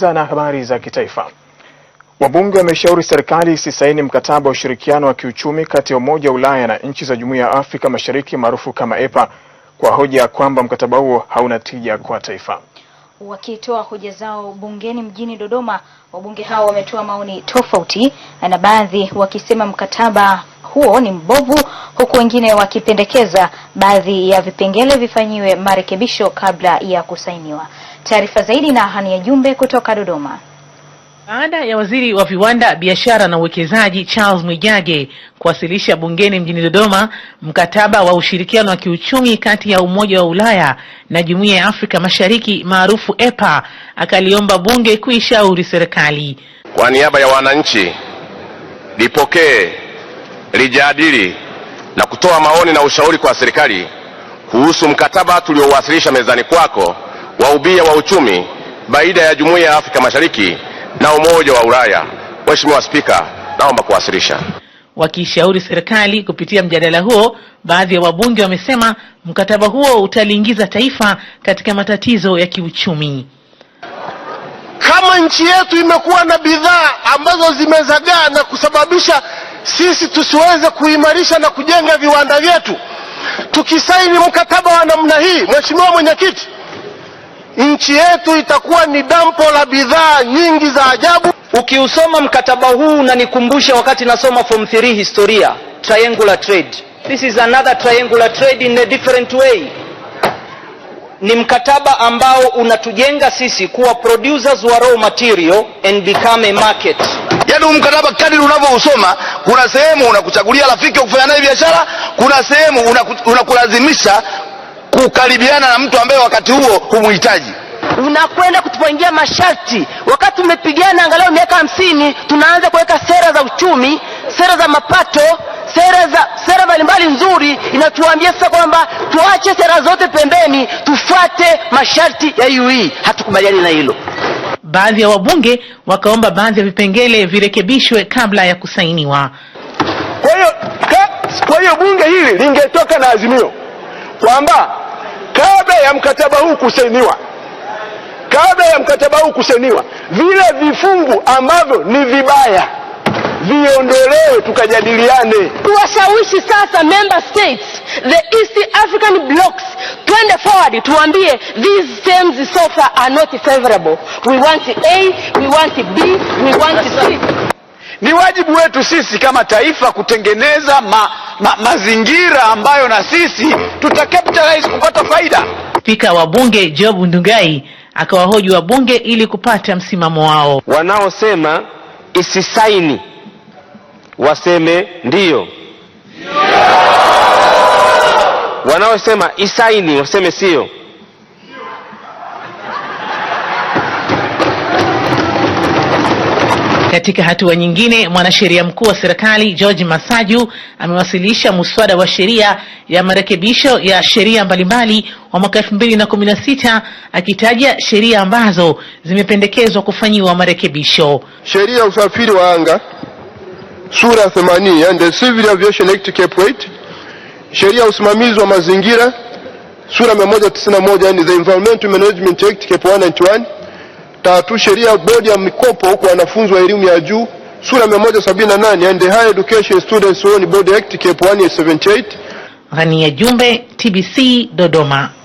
Na habari za kitaifa. Wabunge wameshauri serikali isisaini mkataba wa ushirikiano wa kiuchumi kati ya Umoja wa Ulaya na nchi za Jumuiya ya Afrika Mashariki maarufu kama EPA kwa hoja ya kwamba mkataba huo hauna tija kwa taifa. Wakitoa hoja zao bungeni mjini Dodoma, wabunge hao wametoa maoni tofauti na baadhi wakisema mkataba huo ni mbovu, huku wengine wakipendekeza baadhi ya vipengele vifanyiwe marekebisho kabla ya kusainiwa. Taarifa zaidi na ya Jumbe kutoka Dodoma. Baada ya waziri wa viwanda, biashara na uwekezaji Charles Mwijage kuwasilisha bungeni mjini Dodoma mkataba wa ushirikiano wa kiuchumi kati ya Umoja wa Ulaya na Jumuiya ya Afrika Mashariki maarufu EPA, akaliomba bunge kuishauri serikali kwa niaba ya wananchi lipokee, lijadili na kutoa maoni na ushauri kwa serikali kuhusu mkataba tuliowasilisha mezani kwako wa ubia wa uchumi baida ya Jumuiya ya Afrika Mashariki na Umoja wa Ulaya. Mheshimiwa Spika, naomba kuwasilisha. Wakishauri serikali kupitia mjadala huo, baadhi ya wabunge wamesema mkataba huo utaliingiza taifa katika matatizo ya kiuchumi. Kama nchi yetu imekuwa na bidhaa ambazo zimezagaa na kusababisha sisi tusiweze kuimarisha na kujenga viwanda vyetu, tukisaini mkataba wa namna hii, Mheshimiwa Mwenyekiti, nchi yetu itakuwa ni dampo la bidhaa nyingi za ajabu. Ukiusoma mkataba huu unanikumbusha wakati nasoma form 3 historia, triangular trade. This is another triangular trade in a different way. Ni mkataba ambao unatujenga sisi kuwa producers wa raw material and become a market. Yaani mkataba kadri unavyousoma, kuna sehemu unakuchagulia rafiki wa kufanya naye biashara, kuna sehemu unakulazimisha kukaribiana na mtu ambaye wakati huo humhitaji. Unakwenda kutupangia masharti wakati umepigana angalau miaka hamsini. Tunaanza kuweka sera za uchumi, sera za mapato, sera za sera mbalimbali nzuri. Inatuambia sasa kwamba tuache sera zote pembeni, tufuate masharti ya UE. Hatukubaliani na hilo. Baadhi ya wabunge wakaomba baadhi ya vipengele virekebishwe kabla ya kusainiwa. Kwa hiyo bunge hili lingetoka na azimio kwamba ya mkataba huu kusainiwa, kabla ya mkataba huu kusainiwa, vile vifungu ambavyo ni vibaya viondolewe, tukajadiliane, tuwashawishi sasa member states, the East African blocks twende forward tuambie, these terms so far are not favorable, we want A, we want B, we want C. Ni wajibu wetu sisi kama taifa kutengeneza ma, ma, mazingira ambayo na sisi tuta capitalize kupata faida. Spika wa Bunge Job Ndugai akawahoji wabunge ili kupata msimamo wao. Wanaosema isisaini waseme ndiyo, wanaosema isaini waseme sio Katika hatua nyingine, mwanasheria mkuu wa serikali George Masaju amewasilisha muswada wa sheria ya marekebisho ya sheria mbalimbali wa mwaka 2016 akitaja sheria ambazo zimependekezwa kufanyiwa marekebisho. Sheria ya usafiri wa anga sura 80, yani the Civil Aviation Act Copyright, sheria ya usimamizi wa mazingira sura 191, yani the Environmental Management Act Copyright 191 Tatu, sheria bodi ya mikopo kwa wanafunzi wa elimu ya juu sura 178 and the Higher Education Students Loan Board Act cap 178. Ghania Jumbe, TBC, Dodoma.